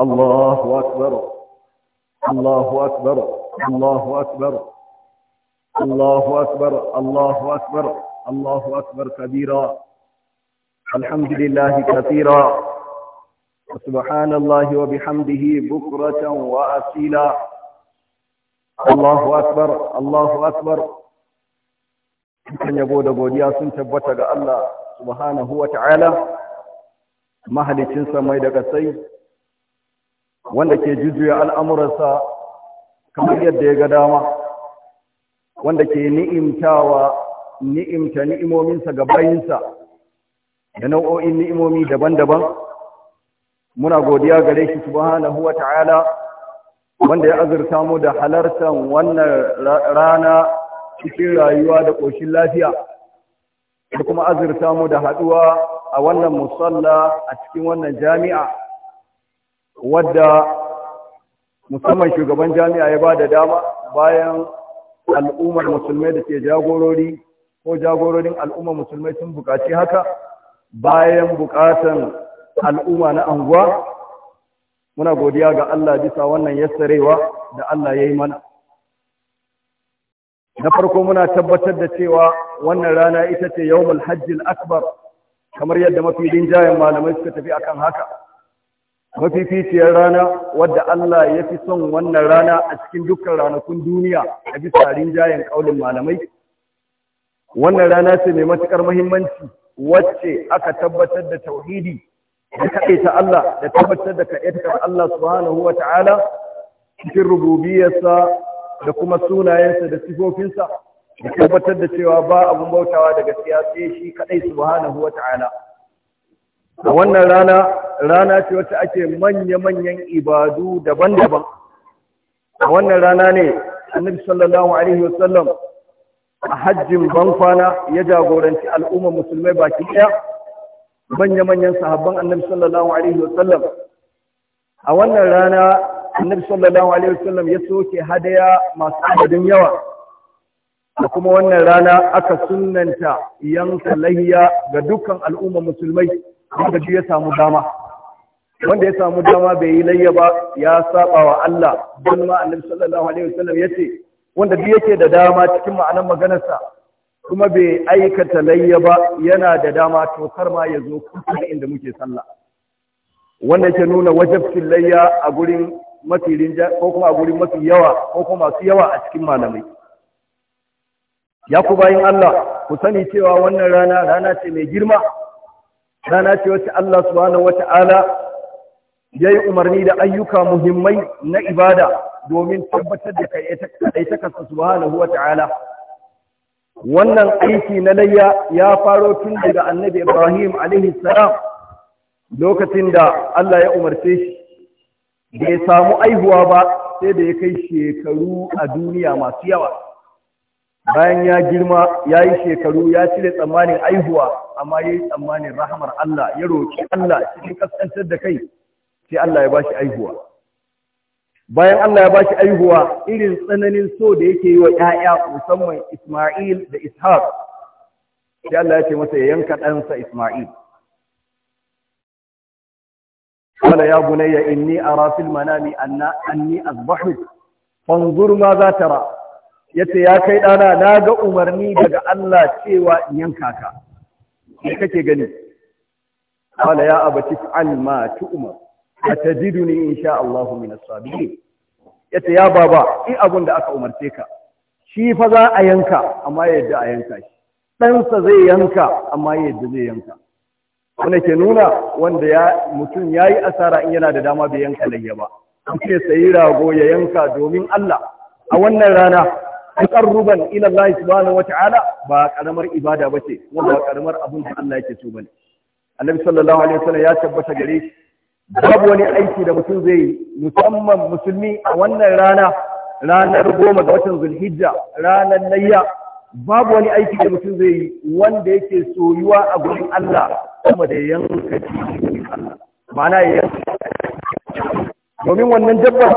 الله أكبر الله أكبر الله أكبر الله أكبر الله أكبر الله أكبر كبيرا الحمد لله كثيرا سبحان الله وبحمده بكرة وأسيلا الله أكبر الله أكبر kan yabo da godiya sun tabbata ga Allah subhanahu wa ta'ala wanda ke jujjuya al'amuransa kamar yadda ya ga dama wanda ke ni'imtawa ni'imta ni'imominsa ga bayinsa da nau'o'in ni'imomi daban-daban muna godiya gare shi subhanahu wa ta'ala wanda ya azurta mu da halartar wannan rana cikin rayuwa da ƙoshin lafiya da kuma azurta mu da haɗuwa a wannan musalla a cikin wannan jami'a wadda musamman shugaban jami'a ya ba da dama bayan al'ummar musulmai da ke jagorori ko jagororin al'ummar musulmai sun buƙaci haka bayan buƙatan al'umma na anguwa muna godiya ga Allah bisa wannan yassarewa da Allah ya yi mana na farko muna tabbatar da cewa wannan rana ita ce yawmul hajjil akbar kamar yadda mafi rinjayen malamai suka tafi akan haka mafificiyar rana wadda Allah ya fi son wannan rana a cikin dukkan ranakun duniya a bisa rinjayen ƙaunin malamai wannan rana ce mai matuƙar muhimmanci wacce aka tabbatar da tauhidi da ta Allah da tabbatar da kaɗaitakar Allah subhanahu wa ta'ala cikin rububiyarsa da kuma sunayensa da sifofinsa da tabbatar da cewa ba abun bautawa daga siyasa shi kaɗai subhanahu wa ta'ala a wannan rana rana ce wacce ake manya-manyan ibadu daban-daban a wannan rana ne annabi sallallahu alaihi wasallam a hajjin bankwana ya jagoranci al'ummar musulmai baki ɗaya manya-manyan sahabban annabi sallallahu alaihi wasallam a wannan rana annabi sallallahu alaihi wasallam ya soke hadaya masu adadin yawa da kuma wannan rana aka sunanta yanka lahiya ga dukkan al'ummar musulmai wanda ya samu dama wanda ya samu dama bai yi layya ba ya saba wa Allah don ma annabi sallallahu alaihi wasallam yace wanda bi yake da dama cikin ma'anar maganarsa kuma bai aikata layya ba yana da dama to kar ma ya zo kusa inda muke sallah wanda yake nuna wajibcin layya a gurin mafi rinja ko kuma a gurin mafi yawa ko kuma masu yawa a cikin malamai ya ku bayin Allah ku sani cewa wannan rana rana ce mai girma rana ce wacce Allah subhanahu ta'ala) ya yi umarni da ayyuka muhimmai na ibada domin tabbatar da kaɗaitakasa subhanahu ta'ala. wannan aiki na layya ya faro tun daga annabi ibrahim salam lokacin da Allah ya umarce shi bai samu aihuwa ba sai da ya kai shekaru a duniya masu yawa bayan ya girma ya yi shekaru ya cire tsammanin aihuwa amma ya yi tsammanin rahamar Allah ya roƙi Allah cikin kaskantar da kai sai Allah ya bashi aihuwa bayan Allah ya ba shi aihuwa irin tsananin so da yake yi wa ‘ya'ya musamman Ismail da Ishaq sai Allah ya ce masa ya yanka ɗansa Ismail قال يا بني إني أرى في المنام أني أذبحك فانظر ماذا ترى Ya ce ya kai ɗana na ga umarni daga Allah cewa in yanka ka me kake gani qala ya abati ta ma ne in sha Allah min as-sabirin ne. ya baba in abun da aka umarce ka shi fa za a yanka amma yadda a yanka shi ɗansa zai yanka amma yadda zai yanka Wane ke nuna wanda mutum ya yi asara in yana da dama bai yanka layya ba ce sayi rago ya yanka domin Allah a wannan rana taqarruban ruban, Allah subhanahu wata'ala ba karamar ibada bace wanda ba karamar abun da Allah yake so bane Annabi sallallahu alaihi wasallam ya tabbata gare babu wani aiki da mutum zai yi musamman musulmi a wannan rana ranar goma ga watan zulhijja ranar layya babu wani aiki da mutum zai yi wanda yake soyuwa a gurin Allah kuma da yanka cikin Allah ma'ana ya domin wannan dabba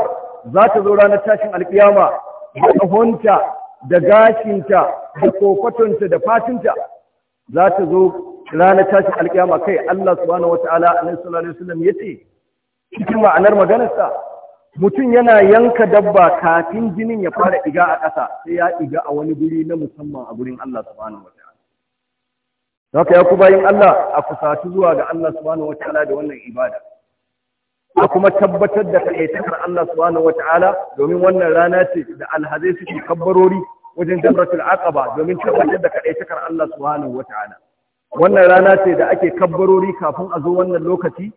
za ta zo ranar tashin alkiyama da ƙahonta da gashinta da kofatonta da fatinta za ta zo ranar tashin alƙiyama kai Allah subhanahu wata'ala annabi sallallahu alaihi ya yace cikin ma'anar maganarsa mutum yana yanka dabba kafin jinin ya fara iga a ƙasa sai ya iga a wani guri na musamman a gurin Allah subhanahu wata'ala haka ya ku bayin Allah a kusatu zuwa ga Allah subhanahu wata'ala da wannan ibada a kuma tabbatar da kaɗaitakar Allah subhanahu wa ta'ala domin wannan rana ce da alhazai suke kabbarori wajen jamratul aqaba domin tabbatar da kaɗaitakar Allah subhanahu wa ta'ala wannan rana ce da ake kabbarori kafin a zo wannan lokaci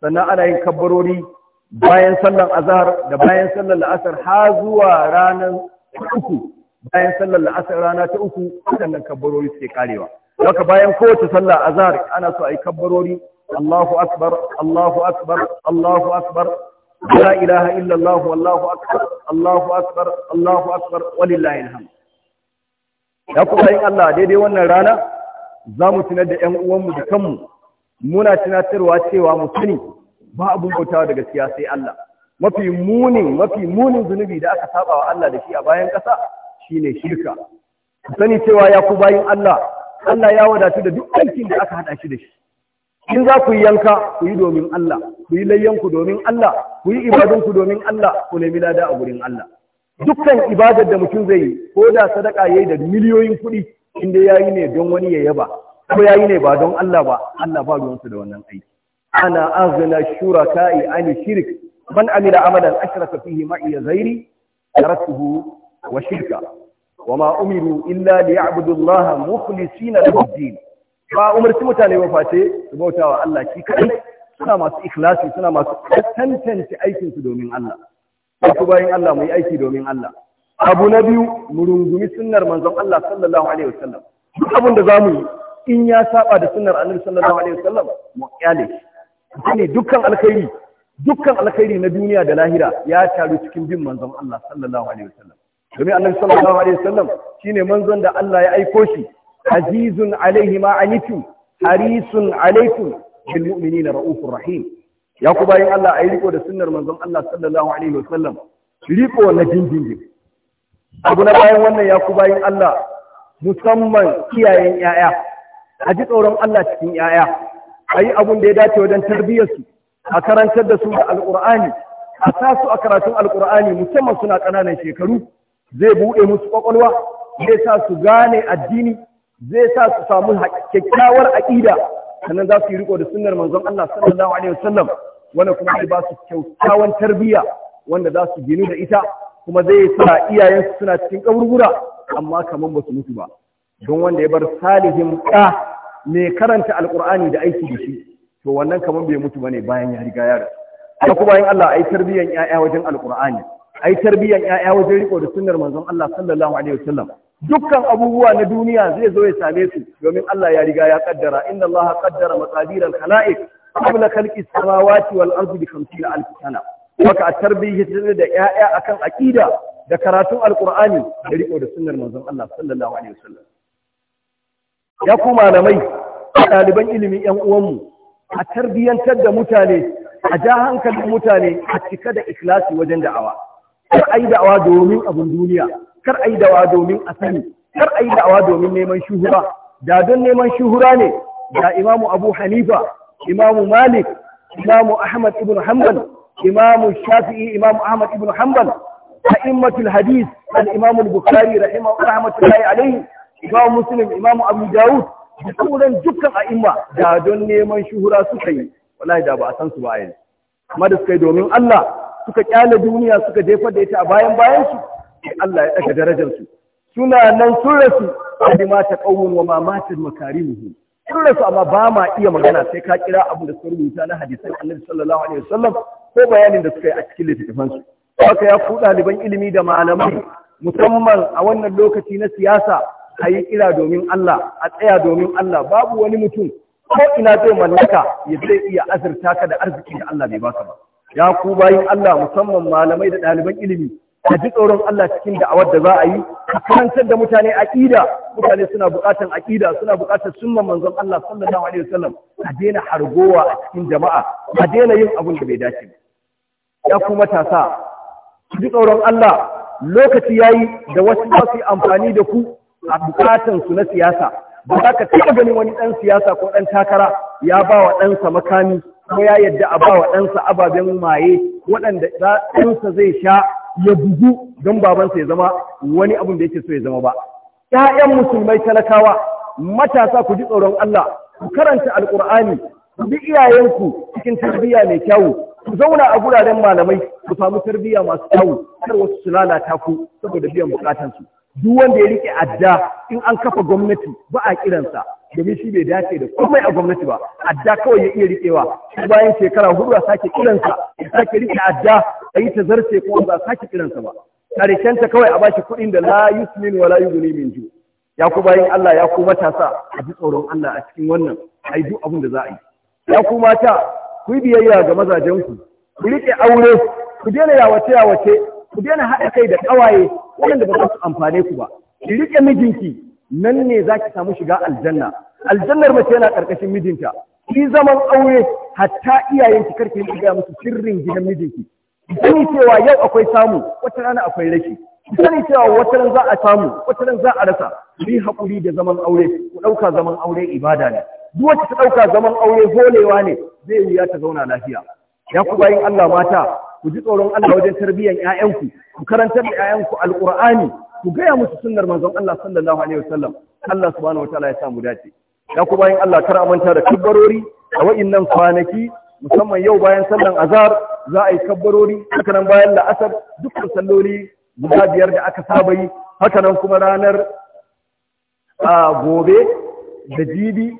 sannan ana yin kabbarori bayan sallar azhar da bayan sallar la'asar har zuwa ranar uku bayan sallar la'asar rana ta uku sannan kabbarori suke karewa haka bayan kowace sallar azhar ana so a yi kabbarori Allahu akbar Allahu akbar Allahu akbar la ilaha illa Allah wallahu akbar Allahu akbar Allahu akbar walillahi alhamd ya kuma yin Allah daidai wannan rana za mu tunar da 'yan uwanmu da kanmu muna tunatarwa cewa mu sani ba abun bautawa da gaskiya sai Allah mafi munin mafi munin zunubi da aka saba wa Allah da shi a bayan ƙasa shine shirka ku sani cewa ya ku bayin Allah Allah ya wadatu da duk aikin da aka hada shi da shi in za ku yi yanka ku yi domin Allah ku yi layyanku domin Allah ku yi ibadunku domin Allah ku nemi lada a gurin Allah dukkan ibadar da mutum zai yi ko da sadaka yayi da miliyoyin kuɗi inda yayi ne don wani ya yaba ko yayi ne ba don Allah ba Allah ba ruwansa da wannan aiki ana aghna shuraka'i ani shirk man amila amalan ashraka fihi ma'i ghairi taraktuhu wa shirka وما أمروا إلا ليعبدوا الله na da الدين ba umarci mutane ba face su bauta wa Allah shi kadai suna masu ikhlasi suna masu tantance aikin su domin Allah wasu bayan Allah mu yi aiki domin Allah abu na biyu mu rungumi sunnar manzon Allah sallallahu alaihi wasallam duk abin da zamu yi in ya saba da sunnar Annabi sallallahu alaihi wasallam mu kyale shi dukkan alkhairi dukkan alkhairi na duniya da lahira ya taru cikin bin manzon Allah sallallahu alaihi wasallam domin Annabi sallallahu alaihi wasallam shine manzon da Allah ya aiko shi azizun alaihi ma harisun alaikum bil na raufur rahim ya ku bayin Allah yi riko da sunnar manzon Allah sallallahu alaihi sallam riko na jinjin abu na bayan wannan ya ku bayin Allah musamman kiyayen yaya a ji tsoron Allah cikin yaya ayi abun da ya dace wajen tarbiyyarsu, a karantar da su da Alƙur'ani, a sa su a karatun Alƙur'ani musamman suna ƙananan shekaru zai buɗe musu ƙwaƙwalwa zai sa su gane addini zai sa su samu kyakkyawar aƙida sannan za su yi riko da sunnar manzon Allah sallallahu alaihi wasallam wanda kuma zai ba su kyakkyawan tarbiyya wanda za su gini da ita kuma zai sa iyayensu suna cikin kaburbura amma kaman ba su mutu ba don wanda ya bar salihin ɗa mai karanta alkur'ani da aiki da shi to wannan kaman bai mutu bane bayan ya riga ya rasu kuma yin Allah ai tarbiyyan ƴaƴa wajen alkur'ani ai tarbiyyan ƴaƴa wajen riko da sunnar manzon Allah sallallahu alaihi wasallam dukkan abubuwa na duniya zai zo ya same su domin Allah ya riga ya kaddara inna Allah qaddara maqadir al-khalaiq qabla khalqi samawati wal ardi bi 50000 sana waka at-tarbiyyah da ya'ya akan aqida da karatun al-Qur'ani da riko da sunnar manzon Allah sallallahu alaihi wasallam ya ku malamai daliban ilimin yan uwanmu a tarbiyyantar da mutane a ja hankalin mutane a cika da ikhlasi wajen da'awa ai da'awa domin abun duniya kar a yi dawa domin a sani kar a yi dawa domin neman shuhura da don neman shuhura ne da imamu abu hanifa imamu malik imamu ahmad ibn hanbal shafi'i imamu ahmad ibn hanbal a'immatul hadith al-imamu al-bukhari rahimahullah alayhi imamu muslim imamu abu daud sauran dukkan a'imma da don neman shuhura suka yi wallahi da ba a san su ba yanzu amma domin Allah suka kyale duniya suka jefar da ita a bayan bayan ke Allah ya ɗaga darajarsu suna nan sun rasu a ma mata qawmun wa mamatin makari muhu sun rasu amma ba ma iya magana sai ka kira abin da suka rubuta na hadisan Annabi sallallahu alaihi wasallam ko bayanin da suka yi a cikin littafin su haka ya ku ɗaliban ilimi da malamai musamman a wannan lokaci na siyasa a yi kira domin Allah a tsaya domin Allah babu wani mutum ko ina zai mallaka ya zai iya azurta ka da arziki da Allah bai baka ba ya ku bayin Allah musamman malamai da ɗaliban ilimi ka ji tsoron Allah cikin da'awar da za a yi ka karantar da mutane aqida mutane suna buƙatar aqida suna buƙatar sunnan manzon Allah sallallahu alaihi a daina hargowa a cikin jama'a a daina yin abin da bai dace ya matasa ji tsoron Allah lokaci yayi da wasu za amfani da ku a bukatan su na siyasa ba za ka taɓa ganin wani ɗan siyasa ko ɗan takara ya ba wa ɗansa makami ko ya yadda a ba wa ɗansa ababen maye waɗanda ɗansa zai sha ya bugu don babansa ya zama wani abin da yake so ya zama ba yayan musulmai talakawa matasa ku ji tsoron Allah ku karanta al’ur'ani, ku bi iyayenku cikin tarbiyya mai kyawu ku zauna a guraren malamai ku samu tarbiyya masu kyawu kar wasu su lalata ku saboda biyan bukatansu duk wanda ya rike adda in an kafa gwamnati ba a kiransa domin shi bai dace da komai a gwamnati ba adda kawai ya iya rikewa bayan shekara hudu a sake kiransa ya sake rike adda a yi ta zarce ko ba a sake kiransa ba karshenta kawai a bashi kuɗin da la yusmin wa la yughni min ju ya ku bayin Allah ya ku matasa a ji tsoron Allah a cikin wannan ai duk abin da za a yi ya ku mata ku biyayya ga mazajen ku ku rike aure ku daina yawace yawace ku daina haɗa kai da ƙawaye waɗanda ba za su amfane ku ba ki riƙe mijinki nan ne za ki samu shiga aljanna aljannar mace yana ƙarƙashin mijinta ki zaman aure hatta iyayenki karki ki gaya musu sirrin gidan mijinki ki sani cewa yau akwai samu wata rana akwai rashi ki sani cewa wata ran za a samu wata ran za a rasa yi haƙuri da zaman aure ku ɗauka zaman aure ibada ne duk wacce ta ɗauka zaman aure holewa ne zai wuya ta zauna lafiya ya ku bayin Allah mata ku ji tsoron Allah wajen tarbiyyar 'ya'yanku ku karantar da ƴaƴanku alqur'ani ku gaya musu sunnar manzon Allah sallallahu alaihi wasallam Allah subhanahu wataala ya sa mu dace ya ku bayan Allah kar amanta da kabbarori a wa'innan kwanaki musamman yau bayan sallan azhar za a yi kabbarori haka bayan la'asar dukkan salloli guda biyar da aka saba yi Hakanan kuma ranar a gobe da jibi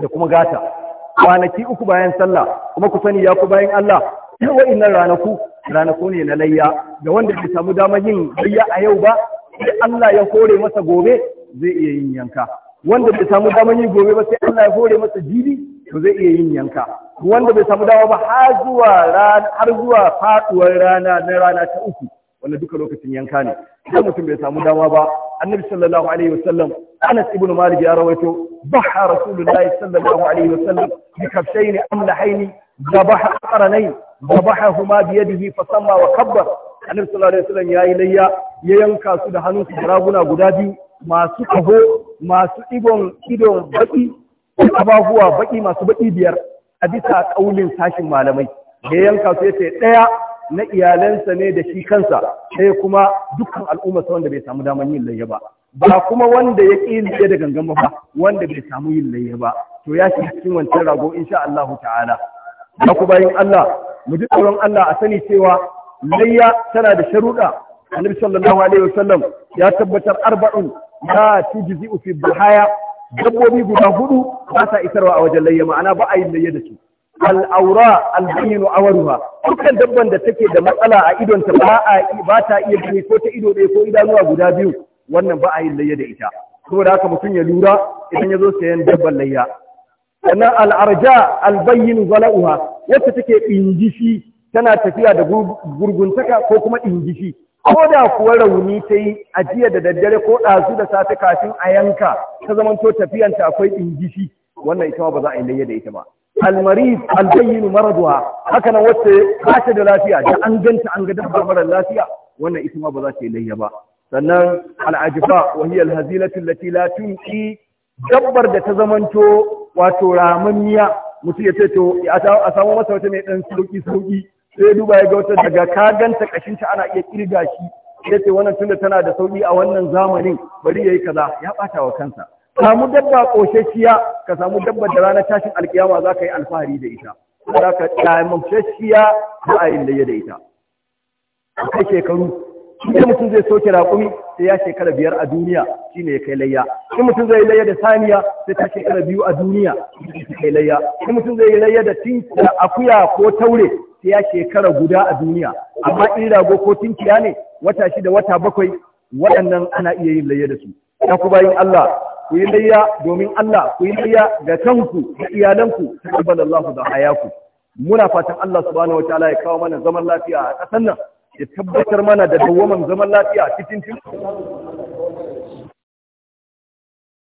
da kuma gata kwanaki uku bayan sallah kuma ku sani ya ku bayan Allah wa'innan ranaku ranaku ne na layya da wanda bai samu damar yin layya a yau ba sai Allah ya hore masa gobe zai iya yin yanka wanda bai samu damar yin gobe ba sai Allah ya hore masa jibi to zai iya yin yanka wanda bai samu dama ba har zuwa har zuwa faduwar rana na rana ta uku wanda duka lokacin yanka ne idan mutum bai samu dama ba annabi sallallahu alaihi wasallam Anas ibn Malik ya rawaito baha rasulullahi sallallahu alaihi wasallam bi kafshaini amlahaini ذبح قرنين fa sama wa kabbar. annabi sallallahu alaihi wasallam yayi layya ya yanka su da hannun su raguna guda biyu masu kaho masu igon idon baki ababuwa baki masu baki biyar a bisa kaulin sashin malamai ya yanka su yace daya na iyalansa ne da shi kansa sai kuma dukkan al'umma wanda bai samu daman yin layya ba ba kuma wanda ya ƙi da gangan ba wanda bai samu yin layya ba to ya shi cikin wancan rago insha Allah ta'ala ku bayin Allah mu ji tsoron Allah a sani cewa layya tana da sharuɗa annabi sallallahu alaihi wasallam ya tabbatar arba'un la tujzi'u fi bahaya. dabbobi guda hudu ba sa isarwa a wajen layya ma'ana ba a yi layya da su al'aura albayinu awaruha dukkan dabban da take da matsala a idonta ba a ba ta iya gani ko ta ido ɗaya ko idanuwa guda biyu wannan ba a yin layya da ita saboda haka mutum ya lura idan ya zo sayan dabban layya sannan al'arja albayyin zala'uha wacce take Ingishi, tana tafiya da gurguntaka ko kuma ɗingishi ko da kuwa rauni ta yi ajiya da daddare ko ɗazu da safe kafin a yanka ta zamanto tafiyanta akwai ɗingishi wannan ita ba za a yi layya da ita ba almariz albayyin maraduha haka nan wacce ba da lafiya da an ganta an ga dabba mara lafiya wannan ita ma ba za ta yi layya ba sannan al'ajifa wa hiya alhazilatu allati la tunqi dabbar da ta zamanto wato ramammiya mutum ya ce to a samu masa wata mai ɗan sauƙi-sauƙi, sai ya duba ya ga wata daga ka ganta ƙashinta ana iya ƙirga shi ya ce wannan tunda tana da sauƙi a wannan zamanin bari yi kaza ya ɓata wa kansa samu dabba ƙoshashiya ka samu dabbar da ranar tashin alkiyama za ka yi alfahari da ita za ka tsamamshashiya ba yin da ya da ita Akwai shekaru in mutum zai soke raƙumi sai ya shekara biyar a duniya ne ya kai layya in mutum zai layya da saniya sai ta shekara biyu a duniya ya kai layya in mutum zai layya da tinkiya akuya ko taure sai ya shekara guda a duniya amma in rago ko tinkiya ne wata shida wata bakwai waɗannan ana iya yin layya da su ya ku bayin Allah ku yi layya domin Allah ku yi layya ga kanku da iyalanku ta kabbalallahu da hayaku muna fatan Allah subhanahu wataala ya kawo mana zaman lafiya a ƙasar nan ya tabbatar mana da dawwaman zaman lafiya cikin cin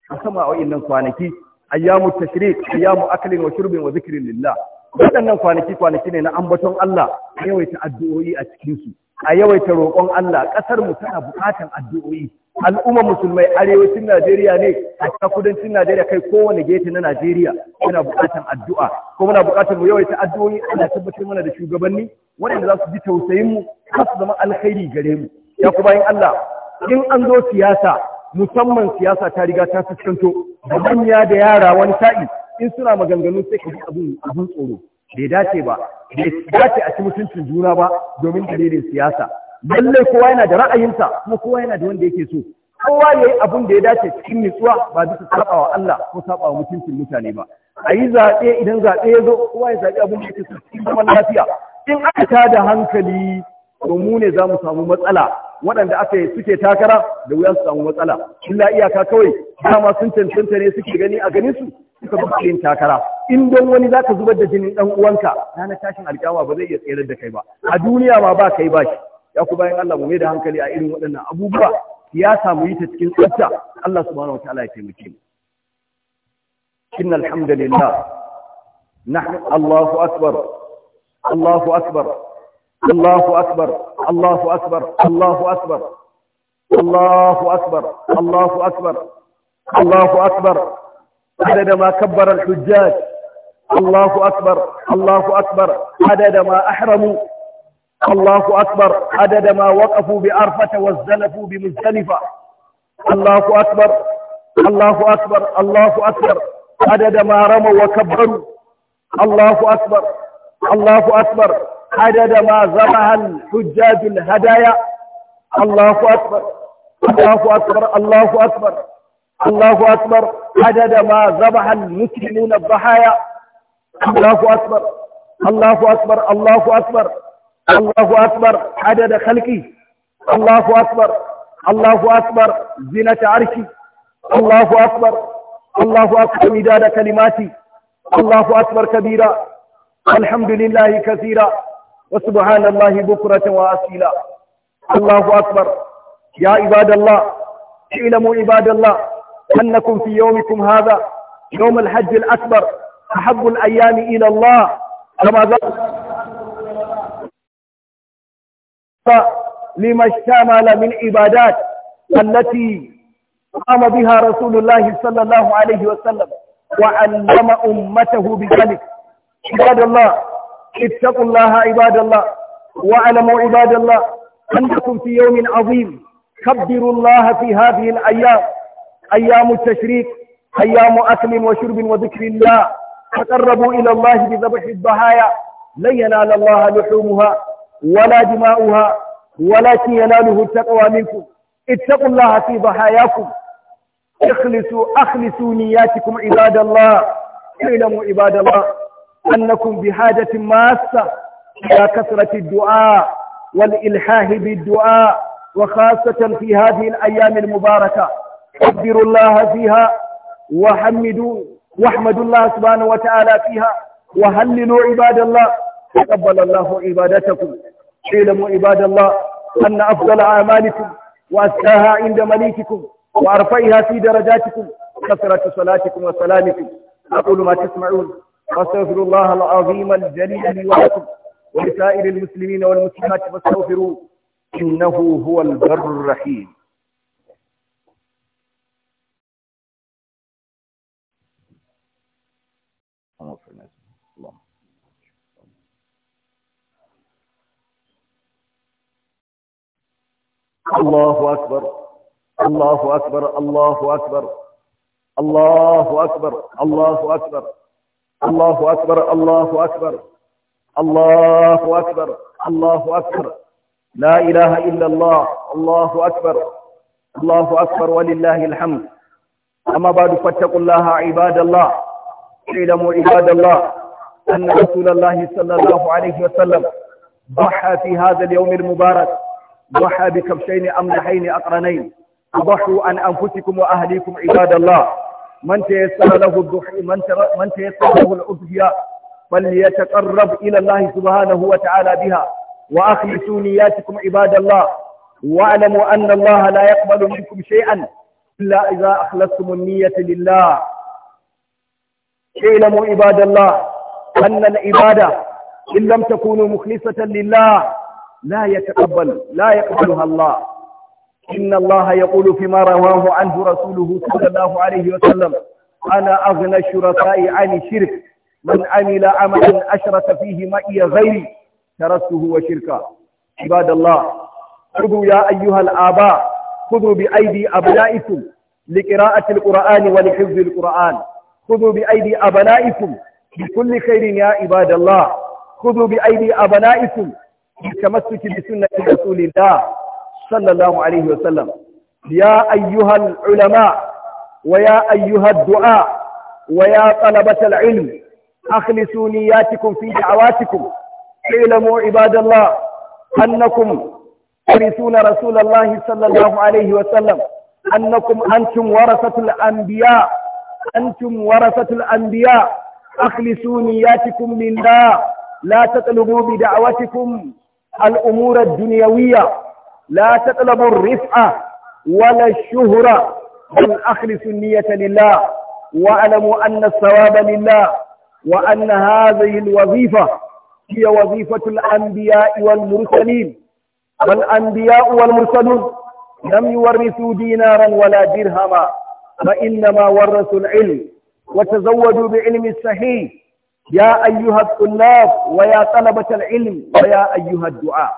a sama a nan kwanaki ayyamu tashrik ayyamu aklin wa shurbin wa zikirin lillah waɗannan kwanaki kwanaki ne na ambaton Allah yawaita addu'o'i a cikinsu a yawaita roƙon Allah ƙasar mu tana buƙatan addu'o'i al'umma musulmai arewacin Najeriya ne a cikin kudancin Najeriya kai kowane gefe na Najeriya yana bukatan addu'a ko muna bukatan mu yawaita addu'o'i ana tabbatar mana da shugabanni waɗanda za su ji tausayin mu za su zama alkhairi gare mu ya ku bayan Allah in an zo siyasa musamman siyasa ta riga ta fuskanto da manya da yara wani sa'i in suna maganganu sai ka ji abin tsoro bai dace ba bai dace a ci mutuncin juna ba domin dalilin siyasa lallai kowa yana da ra'ayinsa kuma kowa yana da wanda yake so kowa ya yi abin da ya dace cikin nutsuwa ba bisa sabawa Allah ko sabawa mutuncin mutane ba a yi zaɓe idan zaɓe ya zo kowa ya zaɓe abin da yake so cikin zaman lafiya in aka ta da hankali to mu ne za mu samu matsala waɗanda aka yi suke takara da wuya su samu matsala illa iyaka kawai dama sun cancanta ne suke gani a ganin su suka su yin takara in don wani za ka zubar da jinin ɗan uwanka ranar tashin alƙawa ba zai iya tsayar da kai ba a duniya ma ba kai ba shi ya ku bayan Allah mu mai da hankali a irin waɗannan abubuwa ya samu yi ta cikin tsafta Allah subhanahu wataala ya taimake mu innal hamdalillah nahnu Allahu akbar Allahu akbar Allahu akbar Allahu akbar Allahu akbar Allahu akbar Allahu akbar Allahu akbar adada ma kabbara al-hujjaj Allahu akbar Allahu akbar adada ma ahramu الله أكبر عدد ما وقفوا بأرفة وازدلفوا بمزدلفة الله أكبر الله أكبر الله أكبر عدد ما رموا وكبروا الله أكبر الله أكبر عدد ما زرع الحجاج الهدايا الله أكبر الله أكبر الله أكبر الله أكبر عدد ما ذبح المسلمون الضحايا الله أكبر الله أكبر الله أكبر الله أكبر عدد خلقي الله أكبر الله أكبر زينة عرشي الله أكبر الله أكبر مداد كلماتي الله أكبر كبيرا الحمد لله كثيرا وسبحان الله بكرة وأصيلا الله أكبر يا عباد الله اعلموا عباد الله أنكم في يومكم هذا يوم الحج الأكبر أحب الأيام إلى الله كما ذكر لما اشتمل من عبادات التي قام بها رسول الله صلى الله عليه وسلم وعلم أمته بذلك عباد الله اتقوا الله عباد الله واعلموا عباد الله أنكم في يوم عظيم كبروا الله في هذه الأيام أيام التشريك أيام أكل وشرب وذكر الله تقربوا إلى الله بذبح الضحايا لن ينال الله لحومها ولا دماؤها ولكن يناله التقوى منكم اتقوا الله في ضحاياكم اخلصوا اخلصوا نياتكم عباد الله اعلموا عباد الله انكم بحاجه ماسه الى كثره الدعاء والالحاح بالدعاء وخاصه في هذه الايام المباركه كبروا الله فيها وحمدوا واحمدوا الله سبحانه وتعالى فيها وهللوا عباد الله تقبل الله عبادتكم اعلموا عباد الله أن أفضل أعمالكم وأزكاها عند مليككم وأرفعها في درجاتكم كثرة صلاتكم وسلامكم أقول ما تسمعون واستغفر الله العظيم الجليل لي ولكم ولسائر المسلمين والمسلمات فاستغفروه إنه هو البر الرحيم الله أكبر الله أكبر الله أكبر الله أكبر الله أكبر الله أكبر الله أكبر الله أكبر الله أكبر لا إله إلا الله الله أكبر الله أكبر ولله الحمد أما بعد فاتقوا الله عباد الله اعلموا عباد الله أن رسول الله صلى الله عليه وسلم ضحى في هذا اليوم المبارك ضحى بكبشين أملحين أقرنين ضحوا عن أنفسكم وأهليكم عباد الله من تيسر له الضحي من, من تيسر له الأضحية فليتقرب إلى الله سبحانه وتعالى بها وأخلصوا نياتكم عباد الله واعلموا أن الله لا يقبل منكم شيئا إلا إذا أخلصتم النية لله اعلموا عباد الله أن العبادة إن لم تكونوا مخلصة لله لا يتقبل لا يقبلها الله إن الله يقول فيما رواه عنه رسوله صلى الله عليه وسلم أنا أغنى الشركاء عن الشرك من عمل عملا أشرك فيه معي غيري تركته وشركا عباد الله خذوا يا أيها الآباء خذوا بأيدي أبنائكم لقراءة القرآن ولحفظ القرآن خذوا بأيدي أبنائكم بكل خير يا عباد الله خذوا بأيدي أبنائكم بالتمسك بسنة رسول الله صلى الله عليه وسلم يا أيها العلماء ويا أيها الدعاء ويا طلبة العلم أخلصوا نياتكم في دعواتكم اعلموا عباد الله أنكم ترثون رسول الله صلى الله عليه وسلم أنكم أنتم ورثة الأنبياء أنتم ورثة الأنبياء أخلصوا نياتكم لله لا تطلبوا بدعوتكم الأمور الدنيوية لا تطلب الرفعة ولا الشهرة بل أخلص النية لله واعلموا أن الثواب لله وأن هذه الوظيفة هي وظيفة الأنبياء والمرسلين والأنبياء والمرسلون لم يورثوا دينارا ولا درهما فإنما ورثوا العلم وتزودوا بعلم الصحيح يا أيها الطلاب ويا طلبة العلم ويا أيها الدعاء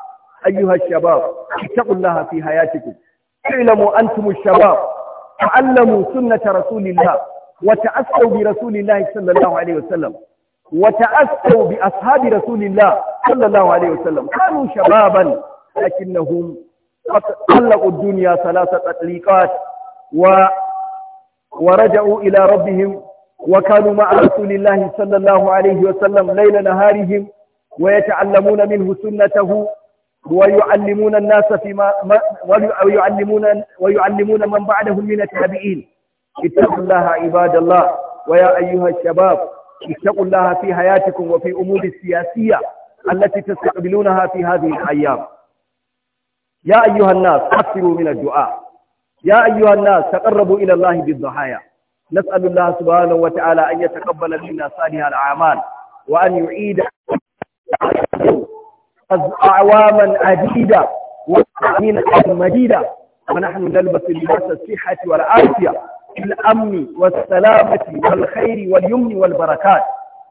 أيها الشباب اتقوا الله في حياتكم اعلموا أنتم الشباب تعلموا سنة رسول الله وتأسوا برسول الله صلى الله عليه وسلم وتأسوا بأصحاب رسول الله صلى الله عليه وسلم كانوا شبابا لكنهم طلقوا الدنيا ثلاثة تطليقات و ورجعوا إلى ربهم وكانوا مع رسول الله صلى الله عليه وسلم ليل نهارهم ويتعلمون منه سنته ويعلمون الناس فيما ما ويعلمون ويعلمون من بعدهم من التابعين اتقوا الله عباد الله ويا ايها الشباب اتقوا الله في حياتكم وفي امور السياسيه التي تستقبلونها في هذه الايام يا ايها الناس اكثروا من الدعاء يا ايها الناس تقربوا الى الله بالضحايا نسأل الله سبحانه وتعالى أن يتقبل منا صالح الأعمال وأن يعيد أعواما عديدة وأمين مديدة ونحن نلبس لباس الصحة والعافية في الأمن والسلامة والخير واليمن والبركات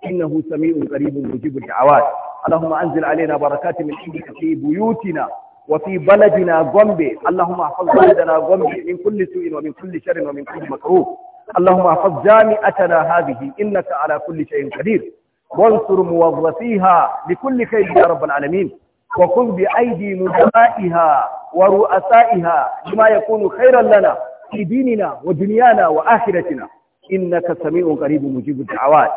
إنه سميع قريب مجيب الدعوات اللهم أنزل علينا بركات من عندك في بيوتنا وفي بلدنا غومبي اللهم احفظ بلدنا غومبي من كل سوء ومن كل شر ومن كل مكروه اللهم احفظ جامعتنا هذه إنك على كل شيء قدير وانصر موظفيها لكل خير يا رب العالمين وكن بأيدي مدرائها ورؤسائها لما يكون خيرا لنا في ديننا ودنيانا وآخرتنا إنك سميع قريب مجيب الدعوات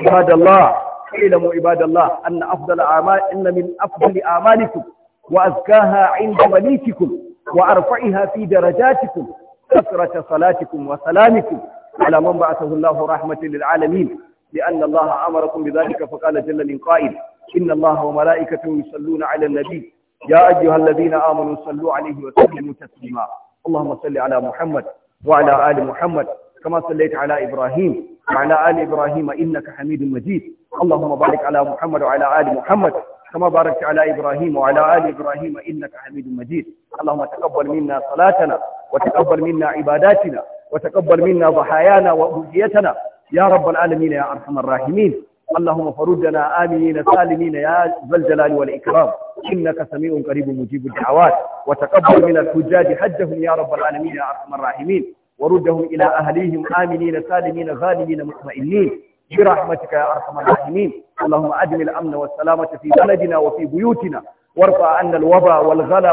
عباد الله اعلموا عباد الله أن أفضل أعمال إن من أفضل أعمالكم وأزكاها عند مليككم وأرفعها في درجاتكم كثرة صلاتكم وسلامكم على من بعثه الله رحمة للعالمين لأن الله أمركم بذلك فقال جل من قائل إن الله وملائكته يصلون على النبي يا أيها الذين آمنوا صلوا عليه وسلموا تسليما اللهم صل على محمد وعلى آل محمد كما صليت على إبراهيم وعلى آل إبراهيم إنك حميد مجيد اللهم بارك على محمد وعلى آل محمد كما باركت على إبراهيم وعلى آل إبراهيم إنك حميد مجيد اللهم تقبل منا صلاتنا وتقبل منا عباداتنا وتقبل منا ضحايانا وأذيتنا يا رب العالمين يا أرحم الراحمين اللهم فردنا آمنين سالمين يا ذا الجلال والإكرام إنك سميع قريب مجيب الدعوات وتقبل من الحجاج حجهم يا رب العالمين يا أرحم الراحمين وردهم إلى أهليهم آمنين سالمين غانمين مطمئنين برحمتك يا أرحم الراحمين اللهم أدم الأمن والسلامة في بلدنا وفي بيوتنا وارفع عنا الوبا والغلا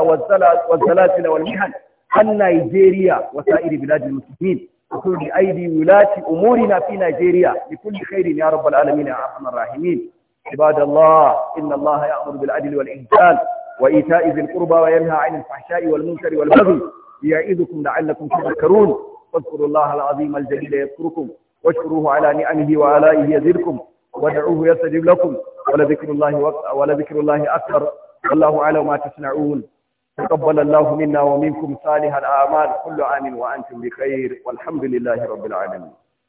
والزلازل والمحن har Nigeria wata iri biladin musulmin kun di aidi wulati umuri na fi Nigeria bi kulli kairin ya rabbal alamin ya arhamar rahimin ibadallah inna Allah ya'muru bil adli wal ihsan wa ita'i dhil qurba wa yanha 'anil fahsha'i wal munkari wal baghi ya'idukum la'allakum tadhakkarun fadhkuru Allah al azim al jalil yadhkurukum washkuruhu 'ala ni'amihi wa ala'ihi yadhkurukum wad'uhu yastajib lakum wa la dhikrullahi wa la dhikrullahi akbar wallahu 'ala ma tasna'un تقبل الله منا ومنكم صالح الأعمال كل عام وأنتم بخير والحمد لله رب العالمين